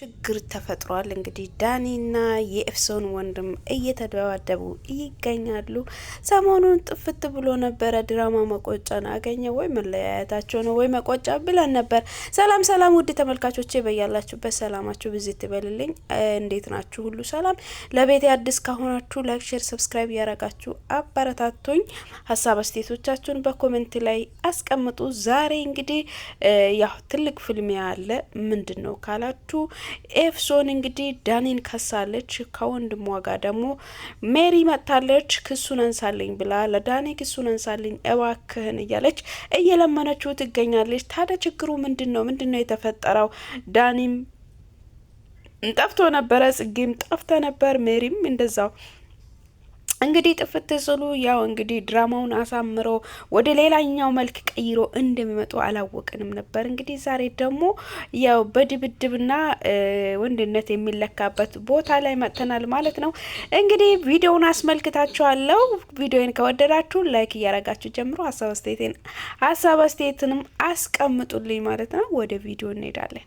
ችግር ተፈጥሯል። እንግዲህ ዳኒና የኤፍሶን ወንድም እየተደባደቡ ይገኛሉ። ሰሞኑን ጥፍት ብሎ ነበረ ድራማ መቆጫን አገኘ ወይ መለያየታቸው ነው ወይ መቆጫ ብለን ነበር። ሰላም ሰላም፣ ውድ ተመልካቾቼ በያላችሁበት ሰላማችሁ ብዚህ ትበልልኝ። እንዴት ናችሁ? ሁሉ ሰላም? ለቤት አዲስ ከሆናችሁ ላይክ፣ ሼር፣ ሰብስክራይብ እያረጋችሁ አበረታቱኝ። ሀሳብ አስተያየቶቻችሁን በኮሜንት ላይ አስቀምጡ። ዛሬ እንግዲህ ያው ትልቅ ፍልሚያ አለ። ምንድን ነው ካላችሁ ኤፍሶን እንግዲህ ዳኒን ከሳለች። ከወንድሟ ጋር ደግሞ ሜሪ መጥታለች። ክሱን አንሳልኝ ብላ ለዳኒ ክሱን አንሳልኝ እባክህን እያለች እየለመነችው ትገኛለች። ታዲያ ችግሩ ምንድን ነው? ምንድን ነው የተፈጠረው? ዳኒም ጠፍቶ ነበረ፣ ጽጌም ጠፍተ ነበር፣ ሜሪም እንደዛው እንግዲህ ጥፍት ስሉ ያው እንግዲህ ድራማውን አሳምሮ ወደ ሌላኛው መልክ ቀይሮ እንደሚመጡ አላወቅንም ነበር። እንግዲህ ዛሬ ደግሞ ያው በድብድብና ወንድነት የሚለካበት ቦታ ላይ መጥተናል ማለት ነው። እንግዲህ ቪዲዮውን አስመልክታችኋለሁ። ቪዲዮን ከወደዳችሁ ላይክ እያረጋችሁ ጀምሮ ሀሳብ አስተያየቴን ሀሳብ አስተያየትንም አስቀምጡልኝ ማለት ነው። ወደ ቪዲዮ እንሄዳለን።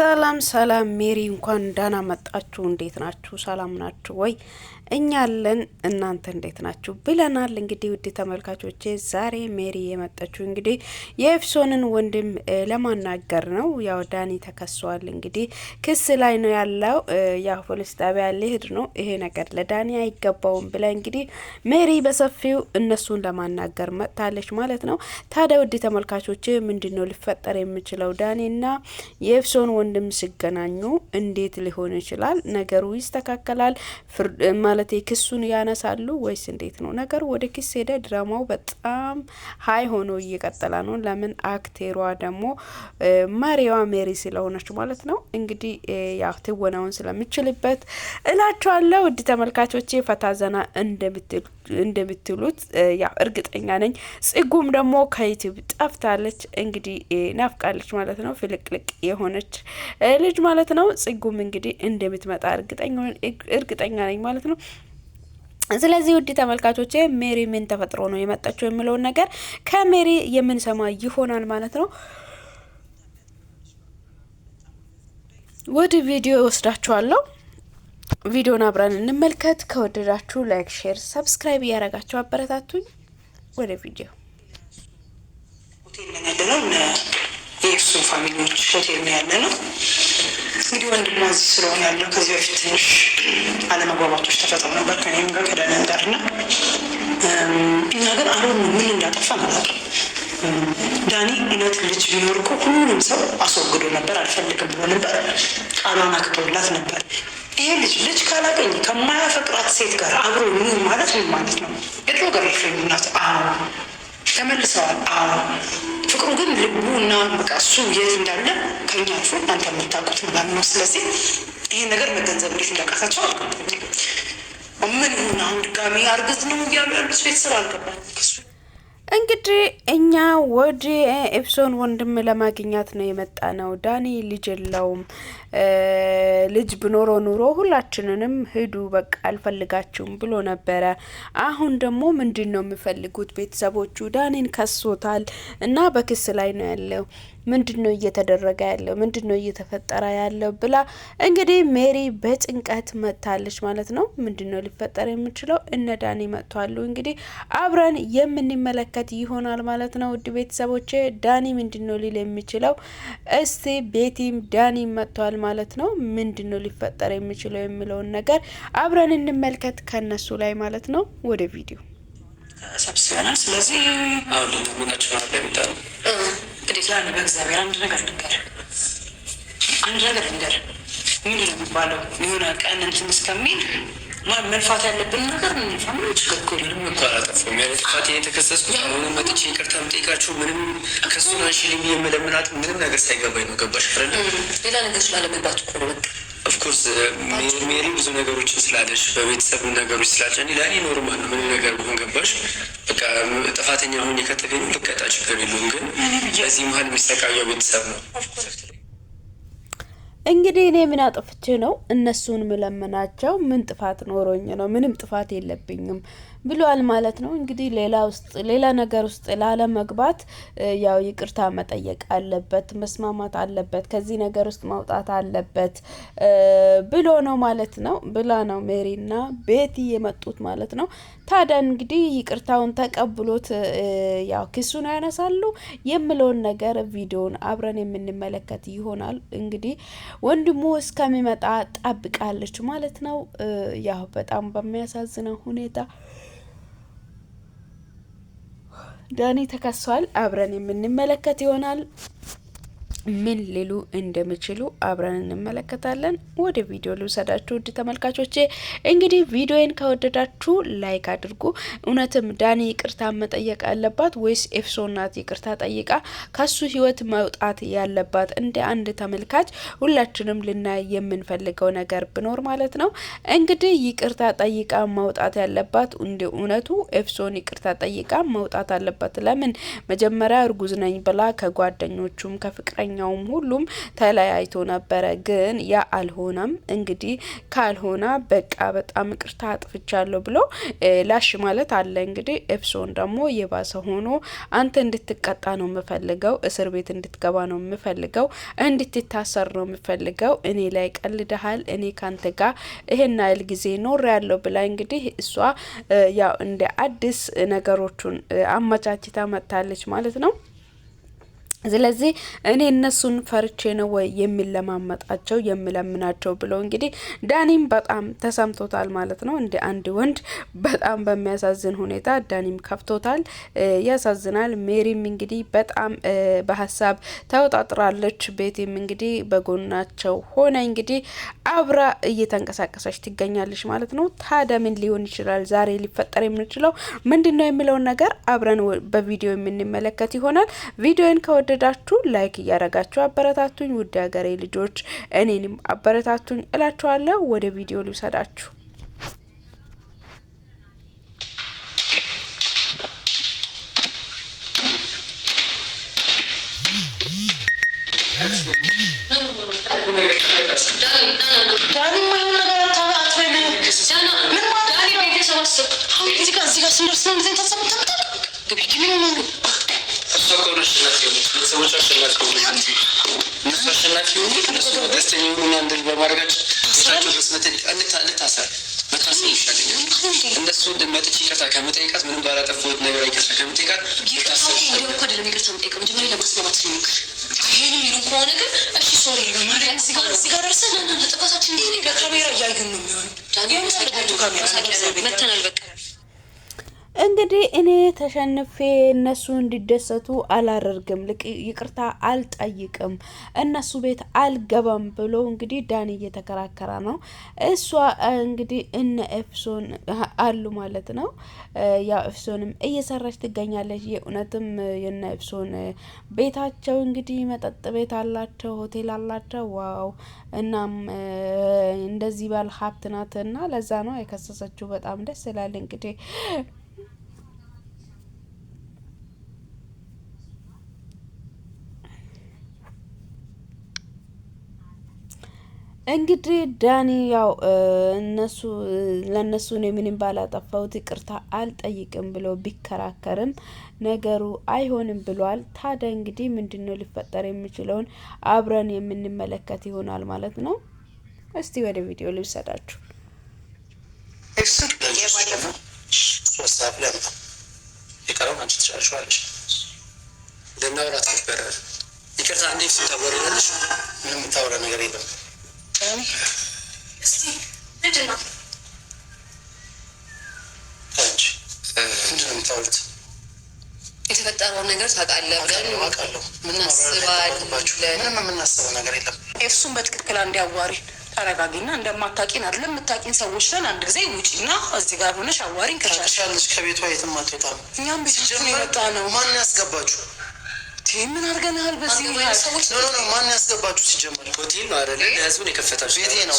ሰላም ሰላም፣ ሜሪ እንኳን ደህና መጣችሁ። እንዴት ናችሁ? ሰላም ናችሁ ወይ? እኛ አለን፣ እናንተ እንዴት ናችሁ ብለናል። እንግዲህ ውድ ተመልካቾቼ ዛሬ ሜሪ የመጣችሁ እንግዲህ የኤፍሶንን ወንድም ለማናገር ነው። ያው ዳኒ ተከሷል፣ እንግዲህ ክስ ላይ ነው ያለው። ያው ፖሊስ ጣቢያ ሊሄድ ነው። ይሄ ነገር ለዳኒ አይገባውም ብላ እንግዲህ ሜሪ በሰፊው እነሱን ለማናገር መጥታለች ማለት ነው። ታዲያ ውድ ተመልካቾቼ ምንድን ነው ሊፈጠር የሚችለው ዳኒና የኤፍሶን ወንድም ሲገናኙ እንዴት ሊሆን ይችላል? ነገሩ ይስተካከላል ማለት ክሱን ያነሳሉ ወይስ እንዴት ነው ነገሩ? ወደ ክስ ሄደ። ድራማው በጣም ሀይ ሆኖ እየቀጠለ ነው። ለምን አክቴሯ ደግሞ መሪዋ ሜሪ ስለሆነች ማለት ነው። እንግዲህ ያው ትወናውን ስለምችልበት እላችኋለሁ። ውድ ተመልካቾቼ ፈታ ዘና እንደምትሉት ያው እርግጠኛ ነኝ። ጽጉም ደግሞ ከዩቲዩብ ጠፍታለች፣ እንግዲህ ናፍቃለች ማለት ነው። ፍልቅልቅ የሆነች ልጅ ማለት ነው። ጽጉም እንግዲህ እንደምትመጣ እርግጠኛ ነኝ ማለት ነው። ስለዚህ ውድ ተመልካቾቼ ሜሪ ምን ተፈጥሮ ነው የመጣችው የሚለውን ነገር ከሜሪ የምንሰማ ይሆናል ማለት ነው። ወደ ቪዲዮ ይወስዳችኋለሁ። ቪዲዮን አብረን እንመልከት። ከወደዳችሁ ላይክ፣ ሼር፣ ሰብስክራይብ እያደረጋችሁ አበረታቱኝ። ወደ ቪዲዮ የእሱን ፋሚሊዎች ሆቴል ነው ያለ ነው። እንግዲህ ወንድሟ እዚህ ስለሆነ ያለው ከዚህ በፊት ትንሽ አለመግባባቶች ተፈጥሮ ነበር ከኔም ጋር ከዳንን ጋር እና እኛ ግን አሮን ምን እንዳጠፋ አላውቅም። ዳኒ እውነት ልጅ ቢኖር እኮ ሁሉንም ሰው አስወግዶ ነበር፣ አልፈልግም ብሎ ነበር፣ ቃሏን አክብሮላት ነበር። ይሄ ልጅ ልጅ ካላቀኝ ከማያፈቅራት ሴት ጋር አብሮ ምን ማለት ምን ማለት ነው? የድሮ ገር ናት። ናት። ተመልሰዋል። አዎ ፍቅሩ ግን ልቡ እና በቃ እሱ የት እንዳለ ከኛ አልፎ እናንተ የምታውቁት ምናምን ነው። ስለዚህ ይሄ ነገር መገንዘብ እንዴት እንዳቃታቸው ምን ይሁን አሁን ድጋሚ አርግዝ ነው እያሉ ያሉት ቤተሰብ አልገባኝ እንግዲህ እኛ ወደ ኤፕሶን ወንድም ለማግኛት ነው የመጣ ነው። ዳኒ ልጅ የለውም። ልጅ ብኖሮ ኑሮ ሁላችንንም ሂዱ በቃ አልፈልጋችሁም ብሎ ነበረ። አሁን ደግሞ ምንድን ነው የሚፈልጉት ቤተሰቦቹ? ዳኒን ከሶታል እና በክስ ላይ ነው ያለው ምንድን ነው እየተደረገ ያለው? ምንድን ነው እየተፈጠረ ያለው? ብላ እንግዲህ ሜሪ በጭንቀት መጥታለች ማለት ነው። ምንድን ነው ሊፈጠር የምችለው? እነ ዳኒ መጥቷሉ። እንግዲህ አብረን የምንመለከት ይሆናል ማለት ነው። ውድ ቤተሰቦቼ ዳኒ ምንድን ነው ሊል የሚችለው? እስቲ ቤቲም ዳኒ መጥቷል ማለት ነው። ምንድን ነው ሊፈጠር የሚችለው የሚለውን ነገር አብረን እንመልከት ከነሱ ላይ ማለት ነው። ወደ ቪዲዮ ሰብስበናል። ስለዚህ አሁን ግዴታ ነው። በእግዚአብሔር አንድ ነገር ንገር፣ አንድ ነገር ንገር። ምንድን ነው የሚባለው? የሆነ ቀን እንትን እስከሚል መልፋት ያለብን ነገር ምንም ችግር እኮ የለም እኮ አላጠፋሁም። የተከሰስኩት አሁን መጥቼ ይቅርታ የምጠይቃችሁ ምንም ከሱን አንሽልኝ የምለምናት ምንም ነገር ሳይገባኝ ነው። ገባሽ? ሌላ ነገር ስላለመግባት እኮ ነው። ኦፍኮርስ ሜሪ ብዙ ነገሮችን ስላለሽ በቤተሰብ ነገሮች ስላልጨን ለእኔ ኖርማል ነው። ምንም ነገር ቢሆን ገባሽ? በቃ ጥፋተኛ አሁን የከተገኙ ልቀጣ ችግር የለውም። ግን በዚህ መሀል የሚሰቃየው ቤተሰብ ነው። እንግዲህ እኔ ምን አጥፍቼ ነው እነሱን ምለምናቸው? ምን ጥፋት ኖሮኝ ነው? ምንም ጥፋት የለብኝም። ብሏል ማለት ነው። እንግዲህ ሌላ ውስጥ ሌላ ነገር ውስጥ ላለመግባት ያው ይቅርታ መጠየቅ አለበት፣ መስማማት አለበት፣ ከዚህ ነገር ውስጥ መውጣት አለበት ብሎ ነው ማለት ነው ብላ ነው ሜሪና ቤቲ የመጡት ማለት ነው። ታዲያ እንግዲህ ይቅርታውን ተቀብሎት ያው ክሱን ያነሳሉ የምለውን ነገር ቪዲዮን አብረን የምንመለከት ይሆናል። እንግዲህ ወንድሙ እስከሚመጣ ጠብቃለች ማለት ነው ያው በጣም በሚያሳዝነው ሁኔታ ዳኒ ተከሷል። አብረን የምንመለከት ይሆናል። ምን ሊሉ እንደሚችሉ አብረን እንመለከታለን። ወደ ቪዲዮ ልውሰዳችሁ ውድ ተመልካቾቼ። እንግዲህ ቪዲዮን ከወደዳችሁ ላይክ አድርጉ። እውነትም ዳኒ ይቅርታ መጠየቅ አለባት ወይስ ኤፍሶናት ይቅርታ ጠይቃ ከሱ ህይወት መውጣት ያለባት? እንደ አንድ ተመልካች ሁላችንም ልናይ የምንፈልገው ነገር ብኖር ማለት ነው እንግዲህ ይቅርታ ጠይቃ መውጣት ያለባት እንደ እውነቱ ኤፍሶን ይቅርታ ጠይቃ መውጣት አለባት። ለምን መጀመሪያ እርጉዝ ነኝ ብላ ከጓደኞቹም ከፍቅረኛ ፍቅረኛውም ሁሉም ተለያይቶ ነበረ። ግን ያ አልሆነም። እንግዲህ ካልሆነ በቃ በጣም ቅርታ አጥፍቻለሁ ብሎ ላሽ ማለት አለ። እንግዲህ ኤፕሶን ደግሞ የባሰ ሆኖ አንተ እንድትቀጣ ነው የምፈልገው፣ እስር ቤት እንድትገባ ነው የምፈልገው፣ እንድትታሰር ነው የምፈልገው። እኔ ላይ ቀልደሃል፣ እኔ ካንተ ጋር ይሄን ያህል ጊዜ ኖር ያለው ብላ እንግዲህ እሷ ያው እንደ አዲስ ነገሮቹን አመቻችታ መጥታለች ማለት ነው። ስለዚህ እኔ እነሱን ፈርቼ ነው ወይ የሚለማመጣቸው የምለምናቸው ብሎ እንግዲህ ዳኒም በጣም ተሰምቶታል ማለት ነው። እንደ አንድ ወንድ በጣም በሚያሳዝን ሁኔታ ዳኒም ከፍቶታል፣ ያሳዝናል። ሜሪም እንግዲህ በጣም በሀሳብ ተወጣጥራለች። ቤቲም እንግዲህ በጎናቸው ሆነ እንግዲህ አብራ እየተንቀሳቀሰች ትገኛለች ማለት ነው። ታዲያ ምን ሊሆን ይችላል ዛሬ ሊፈጠር የምንችለው ምንድን ነው የሚለውን ነገር አብረን በቪዲዮ የምንመለከት ይሆናል ቪዲዮን ከወደ ከወደዳችሁ ላይክ እያረጋችሁ አበረታቱኝ። ውድ ሀገሬ ልጆች እኔንም አበረታቱኝ እላችኋለሁ። ወደ ቪዲዮ ልውሰዳችሁ። ምን ሰዎች አሸናፊ ሆኑ እንጂ እነሱ አሸናፊ ሆኑ እነሱ ደስተኛ የሆኑ እንግዲህ እኔ ተሸንፌ እነሱ እንዲደሰቱ አላደርግም፣ ይቅርታ አልጠይቅም፣ እነሱ ቤት አልገባም ብሎ እንግዲህ ዳኒ እየተከራከረ ነው። እሷ እንግዲህ እነ ኤፍሶን አሉ ማለት ነው። ያው ኤፍሶንም እየሰራች ትገኛለች። የእውነትም የነ ኤፍሶን ቤታቸው እንግዲህ መጠጥ ቤት አላቸው፣ ሆቴል አላቸው። ዋው! እናም እንደዚህ ባል ሀብት ናት እና ለዛ ነው የከሰሰችው። በጣም ደስ ይላል እንግዲህ እንግዲህ ዳኒ ያው እነሱ ለእነሱ እኔ ምንም ባላጠፋሁት ይቅርታ አልጠይቅም ብሎ ቢከራከርም ነገሩ አይሆንም ብሏል። ታዲያ እንግዲህ ምንድነው ሊፈጠር የሚችለውን አብረን የምንመለከት ይሆናል ማለት ነው። እስቲ ወደ ቪዲዮ ልውሰዳችሁ። ይቅርታ እንዴት ስታወሪ ምንም የምታወራ ነገር የለም የተፈጠረውን ነገር ታውቃለህ ብለን የምናስበው ነገር የለም። ኤፍሱን በትክክል እንዲያዋሪ ተረጋጊና፣ እንደማታውቂን አይደለም የምታውቂን ሰዎች ነን። አንድ ጊዜ ውጪና እዚህ ጋር ሆነሽ አዋሪን። ከቤቷ የትም አትወጣም። እኛም ቤታችን የመጣ ነው። ማን ያስገባችሁ? ምን አድርገናል? በዚህ ሰዎች ማን ያስገባችሁ? ሲጀመር ሆቴል ነው አይደለ? ለህዝቡን የከፈታችሁ ቤቴ ነው።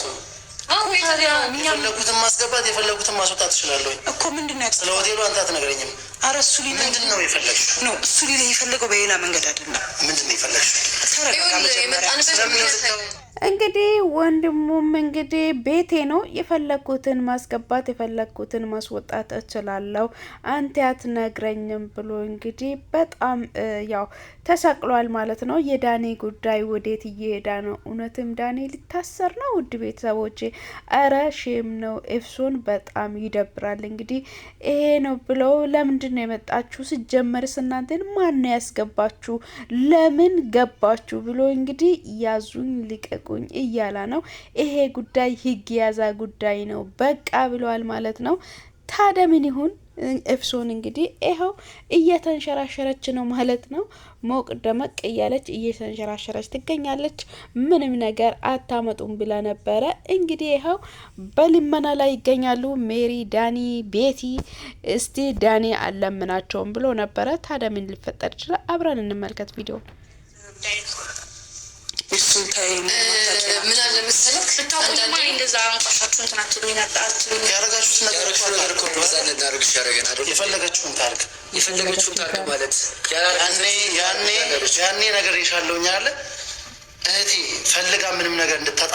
የፈለጉትን ማስገባት የፈለጉትን ማስወጣት ትችላለሁ እኮ። ምንድን ነው ስለ ሆቴሉ አንተ አትነግረኝም? ኧረ እሱ ሌላ ምንድን ነው የፈለግሽው? ነው እሱ ሌላ የፈለገው በሌላ መንገድ አይደለም። ምንድን ነው የፈለግሽው? እንግዲህ ወንድሙም እንግዲህ ቤቴ ነው የፈለግኩትን ማስገባት የፈለግኩትን ማስወጣት እችላለሁ፣ አንተ አትነግረኝም ብሎ እንግዲህ በጣም ያው ተሰቅሏል ማለት ነው። የዳኔ ጉዳይ ወዴት እየሄዳ ነው? እውነትም ዳኔ ሊታሰር ነው? ውድ ቤተሰቦቼ፣ እረ ሼም ነው። ኤፍሶን በጣም ይደብራል። እንግዲህ ይሄ ነው ብለው ለምንድን ምንድን ነው የመጣችሁ? ስጀመርስ እናንተን ማን ያስገባችሁ? ለምን ገባችሁ? ብሎ እንግዲህ ያዙኝ ልቀቁኝ እያላ ነው። ይሄ ጉዳይ ህግ የያዛ ጉዳይ ነው በቃ ብለዋል ማለት ነው። ታዲያ ምን ይሁን ኤፍሶን እንግዲህ ይኸው እየተንሸራሸረች ነው ማለት ነው። ሞቅ ደመቅ እያለች እየተንሸራሸረች ትገኛለች። ምንም ነገር አታመጡም ብላ ነበረ። እንግዲህ ይኸው በልመና ላይ ይገኛሉ። ሜሪ፣ ዳኒ፣ ቤቲ እስቲ ዳኒ አለምናቸውም ብሎ ነበረ። ታዲያ ምን ሊፈጠር ይችላል? አብረን እንመልከት ቪዲዮ እሱን ታይ ምን አለ መሰለህ እንደዛ አንቋሻችሁ እንትን አትሉኝ አትሉኝ ያረጋችሁት ነገር እኮ በዛ እንዳደረግሽ ያደረገን አይደል? የፈለገችውን ታርግ የፈለገችውን ታርግ ማለት ያኔ ያኔ ያኔ ነገር የሻለውኛ አለ እህቴ ፈልጋ ምንም ነገር እንድታጣ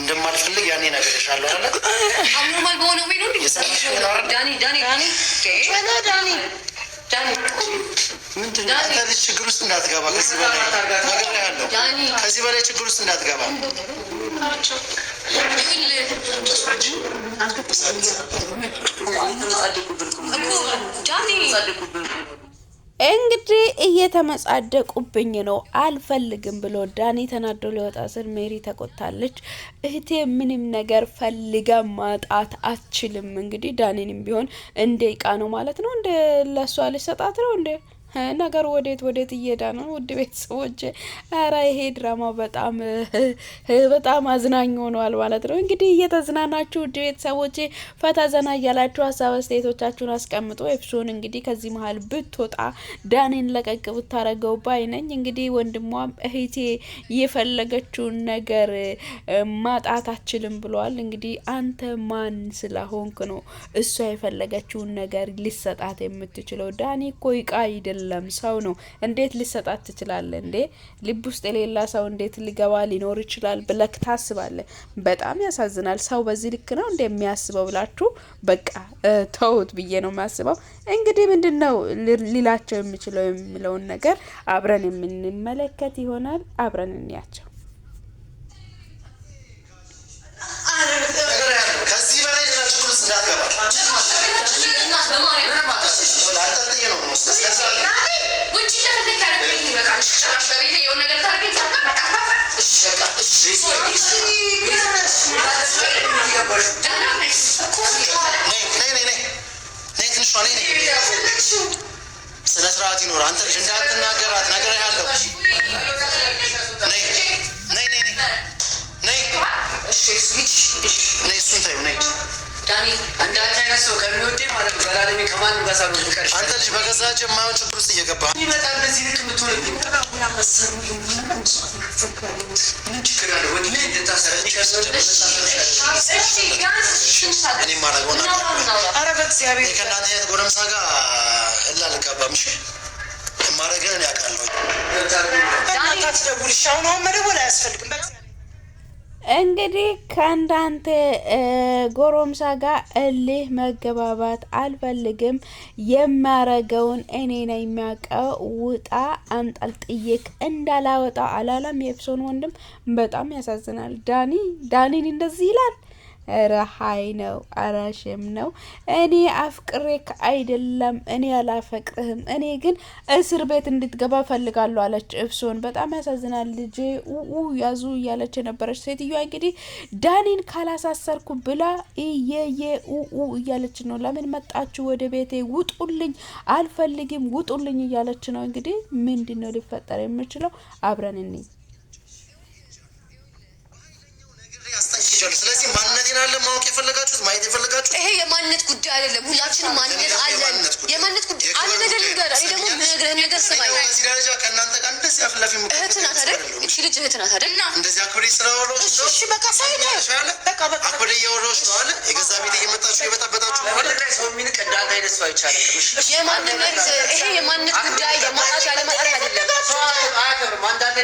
እንደማልፈልግ ያኔ ነገር የሻለው አለ አሞማል በሆነ ወይ ዳኒ ዳኒ ዳኒ ዳኒ ምንድን ችግር ውስጥ እንዳትገባ፣ ከዚህ በላይ ነገር ከዚህ በላይ ችግር ውስጥ እንዳትገባ። እንግዲህ እየተመጻደቁብኝ ነው አልፈልግም ብሎ ዳኒ ተናዶ ሊወጣ ስል ሜሪ ተቆጣለች። እህቴ ምንም ነገር ፈልጋ ማጣት አትችልም። እንግዲህ ዳኒንም ቢሆን እንደ እቃ ነው ማለት ነው። እንደ ለሷ ልሰጣት ነው እንደ ነገር ወዴት ወዴት እየሄደ ነው? ውድ ቤተሰቦች፣ ኧረ ይሄ ድራማ በጣም በጣም አዝናኝ ሆኗል ማለት ነው። እንግዲህ እየተዝናናችሁ ውድ ቤተሰቦች ፈታ ዘና እያላችሁ ሀሳብ አስተያየቶቻችሁን አስቀምጦ ኤፕሶን እንግዲህ ከዚህ መሀል ብትወጣ ዳኔን ለቀቅ ብታረገው ባይ ነኝ። እንግዲህ ወንድሟም እህቴ የፈለገችውን ነገር ማጣት አችልም ብሏል። እንግዲህ አንተ ማን ስለሆንክ ነው እሷ የፈለገችውን ነገር ሊሰጣት የምትችለው? ዳኔ እኮ ይቃ አይደለም አይደለም ሰው ነው። እንዴት ልሰጣት ትችላለ እንዴ? ልብ ውስጥ የሌላ ሰው እንዴት ሊገባ ሊኖር ይችላል ብለክ ታስባለ። በጣም ያሳዝናል። ሰው በዚህ ልክ ነው እንደ የሚያስበው ብላችሁ በቃ ተውት ብዬ ነው የሚያስበው እንግዲህ ምንድን ነው ሊላቸው የሚችለው የሚለውን ነገር አብረን የምንመለከት ይሆናል። አብረን እንያቸው። ስነ ስርዓት ይኖር። አንተ ልጅ እንዳትናገራት ነገር ያለው አንተ ልጅ በገዛጅ የማይሆን እየገባ ማረገን ያውቃለሁ። ዳኒ ታትደውልሽ አሁን አሁን መደወል አያስፈልግም። እንግዲህ ከእንዳንተ ጎረምሳ ጋር እልህ መገባባት አልፈልግም። የማረገውን እኔ ነው የሚያውቀው። ውጣ አንጠልጥይክ እንዳላወጣ አላላም። የኤፍሶን ወንድም በጣም ያሳዝናል። ዳኒ ዳኒን እንደዚህ ይላል። እረ ሀይ ነው፣ ኧረ ሼም ነው። እኔ አፍቅሬክ አይደለም እኔ አላፈቅርህም፣ እኔ ግን እስር ቤት እንድትገባ ፈልጋለሁ አለች እብሶን። በጣም ያሳዝናል ልጄ ው ያዙ እያለች የነበረች ሴትዮዋ እንግዲህ ዳኒን ካላሳሰርኩ ብላ እየየ ው እያለች ነው። ለምን መጣችሁ ወደ ቤቴ? ውጡልኝ፣ አልፈልግም፣ ውጡልኝ እያለች ነው። እንግዲህ ምንድን ነው ሊፈጠር የምችለው? አብረን እንይ። መኪና ማወቅ የፈለጋችሁት ማየት የፈለጋችሁት ይሄ የማንነት ጉዳይ አይደለም። ሁላችንም ማንነት አለን። የማንነት ጉዳይ አንድ ነገር ልንገርህ፣ እኔ ደግሞ የምነግርህን ነገር ስማኝ። እዚህ ደረጃ ከእናንተ ጋር እንደዚህ አፍላፊ እህት ናት አይደል? እቺ ልጅ እህት ናት አይደል? እንደዚህ አክብሬ ስላወራሁሽ ነው። እሺ በቃ ሳይ ነው አክብሬ እያወራሁሽ ነው አለ። የገዛ ቤት እየመጣችሁ የበጣበጣችሁ የማንነት ይሄ የማንነት ጉዳይ የማጣት ያለማጣት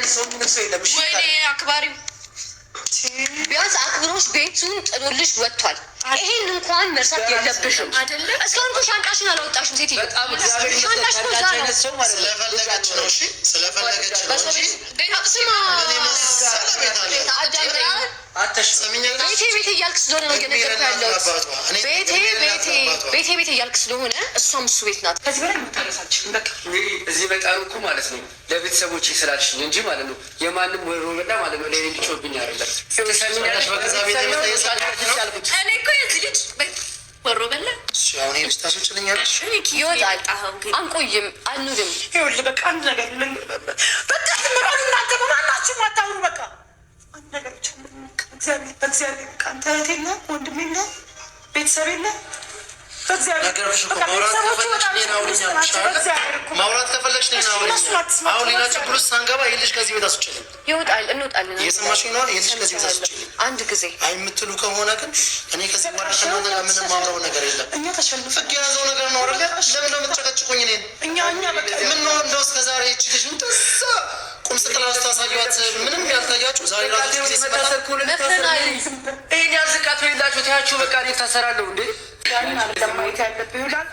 አይደለም። ወይኔ አክባሪው ቢያንስ አክብሮች ቤቱን ጥሎልሽ ወጥቷል። ይሄን እንኳን መርሳት የለብሽም። እስካሁን እኮ ሻንጣሽን አላወጣሽም ሴትዮ። ሻንጣሽ ነው ስለፈለገች ነው። እሺ ስለፈለገች ነው። ቤቴ ቤቴ እያልክ ስለሆነ እሷም እሱ ቤት ናት። ከዚህ በላይ የምታነሳችን በቃ እዚህ በጣም እኮ ማለት ነው ለቤተሰቦቼ ስላልሽኝ እንጂ ማለት ነው የማንም ወሮ በላ ማለት ነው ለኔ ልጮብኝ አይደለም። እኔ በቃ አንድ ነገር አትምራሉ እናንተ በማናችሁ አታውሩ። በቃ እግዚአብሔር በእግዚአብሔር ቃንተ እህት የለ ወንድም የለ ቤተሰብ የለ ማውራት ከፈለግሽ አሁን ሌላ ችግር ውስጥ ሳንገባ ይህ ከዚህ ቤት አስችልኝ ይወጣል እንወጣለን። የሰማሽ ነው። ይህ ከዚህ ቤት አስችልኝ አንድ ጊዜ የምትሉ ከሆነ ግን እኔ ከዚህ በኋላ ከእናንተ ጋር ምንም ማውራው ነገር የለም። ፍቅ የያዘው ነገር ነው አለ። ለምን ነው የምትጨቀጭቁኝ? እኔን ምን ነው እንደው እስከ ዛሬ ይህች ልጅ ምትሳ ቁም ስቅላ ስታሳያት ምንም ያልታያችሁ ዛሬ ራሱ ጊዜ ስመጣ ይህን ያዝቃት ወይላችሁ ታያችሁ። በቃ እኔ ታሰራለሁ እንዴ ማየት ያለብህ ይላል።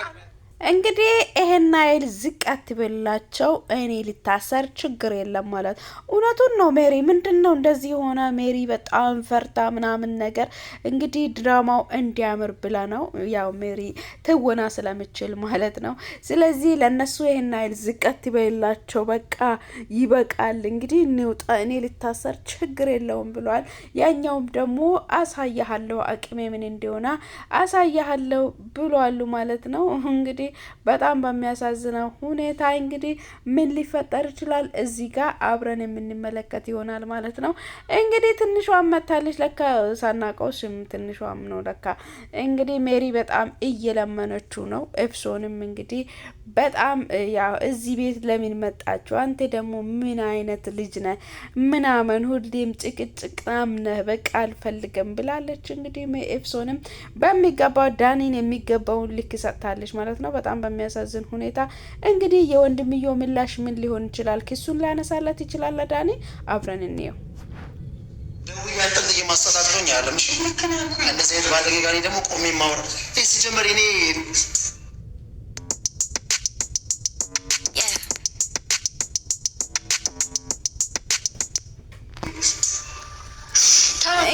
እንግዲህ ይሄን ናይል ዝቅ አትበላቸው፣ እኔ ልታሰር ችግር የለም ማለት እውነቱን ነው። ሜሪ ምንድን ነው እንደዚህ የሆነ ሜሪ በጣም ፈርታ ምናምን ነገር እንግዲህ ድራማው እንዲያምር ብላ ነው ያው ሜሪ ትወና ስለምችል ማለት ነው። ስለዚህ ለእነሱ ይሄን ናይል ዝቅ አትበላቸው፣ በቃ ይበቃል። እንግዲህ እንውጣ፣ እኔ ልታሰር ችግር የለውም ብሏል። ያኛውም ደግሞ አሳያሃለሁ፣ አቅሜ ምን እንደሆነ አሳያሃለሁ ብሏሉ ማለት ነው እንግዲህ በጣም በሚያሳዝነው ሁኔታ እንግዲህ ምን ሊፈጠር ይችላል እዚህ ጋር አብረን የምንመለከት ይሆናል ማለት ነው። እንግዲህ ትንሿም መታለች ለካ ሳናቀው ስም ትንሿም ነው ለካ እንግዲህ ሜሪ በጣም እየለመነችው ነው ኤፍሶንም እንግዲህ በጣም ያው እዚህ ቤት ለምን መጣችሁ? አንተ ደግሞ ምን አይነት ልጅ ነህ? ምናምን ሁሌም ጭቅጭቅ ነህ፣ በቃ አልፈልግም ብላለች። እንግዲህ ኤፍሶንም በሚገባው ዳኒን የሚገባውን ልክ ሰጥታለች ማለት ነው። በጣም በሚያሳዝን ሁኔታ እንግዲህ የወንድምዮ ምላሽ ምን ሊሆን ይችላል? ክሱን ላነሳለት ይችላል ዳኒ። አብረን እንየው። እንደዚህ አይነት ባለጌ ጋር ደግሞ ቆሜ ማውራት ሲጀመር እኔ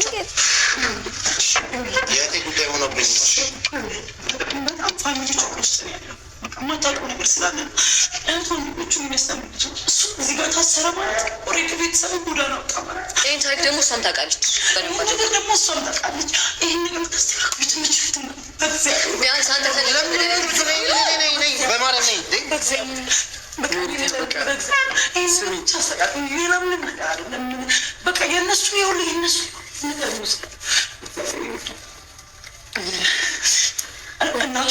የእህቴ ጉዳይ ሆኖብኝ በጣም ፋሚሊ ችግር ውስጥ ነው ያለው። የማታውቀው ነገር ስላለ እህት ወንድሞቹ የሚያስተምር እሱ እዚህ ጋር ታሰረ ማለት ኦልሬዲ ቤተሰብ ጎዳና ወጣ ማለት ይህን ታሪክ ደግሞ እሷም ታውቃለች፣ ነገር ደግሞ እሷም ታውቃለች። ይህን ነገር ታስተካክሉ ትንሽ በማርያም ነኝ በቃ የሁሉ ለምንድን ነው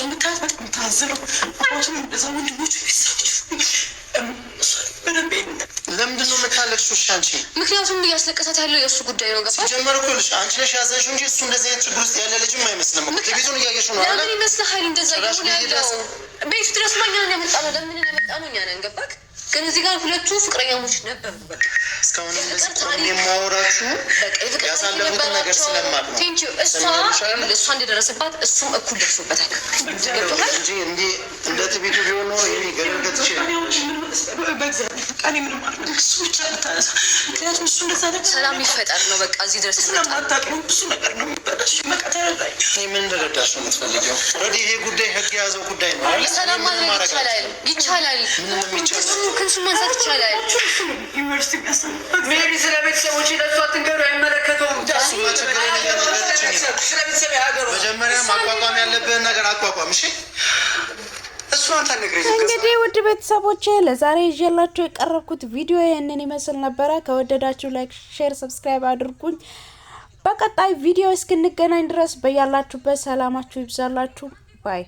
የምታለቅሽው? እሺ አንቺ ምክንያቱም እያስለቀሳት ያለው የእሱ ጉዳይ ነው። ገባ ሲጀመር እኮ ልሽ አንቺ ነሽ ያዘሽው እንጂ እሱ እንደዚህ አይነት ችግር ውስጥ ያለ ልጅም አይመስልም። ቤቱን እያየሽው ነው። ለምን ይመስልሃል እንደዛ እየሆነ ያለው? ቤቱ ድረስ ማኛን ያመጣ ነው። ለምን ያመጣ ነው? እኛ ነን። ገባክ? ግን እዚህ ጋር ሁለቱ ፍቅረኛሞች ነበሩ። በቃ እስካሁን እንደዚህ ቆሜ የማወራችሁ ያሳለፉትን ነገር ስለማቅ ነው። እሷ እንደደረሰባት እሱም እኩል ደርሶበታል እንጂ እንዲህ እንደ ትቤቱ ቢሆን ነው ይህ ገለገት ይችላል። ሰላም ይፈጠር ነው በቃ እዚህ ድረስ ነው ምን ልረዳሽ ነው የምትፈልጊው? ይሄ ጉዳይ ህግ የያዘው ጉዳይ ነው። ሰላም ማድረግ ይቻላል፣ ይቻላል። ክንሱን ማንሳት ይቻላል። ሜሪ ስለ ቤተሰቦች ለእሷ አትንገሩ፣ አይመለከተውም። መጀመሪያ ማቋቋም ያለብህን ነገር አቋቋም። እሺ እንግዲህ ውድ ቤተሰቦቼ ለዛሬ ይዤላችሁ የቀረብኩት ቪዲዮ ይህንን ይመስል ነበረ። ከወደዳችሁ ላይክ፣ ሼር፣ ሰብስክራይብ አድርጉኝ። በቀጣይ ቪዲዮ እስክንገናኝ ድረስ በያላችሁበት ሰላማችሁ ይብዛላችሁ ባይ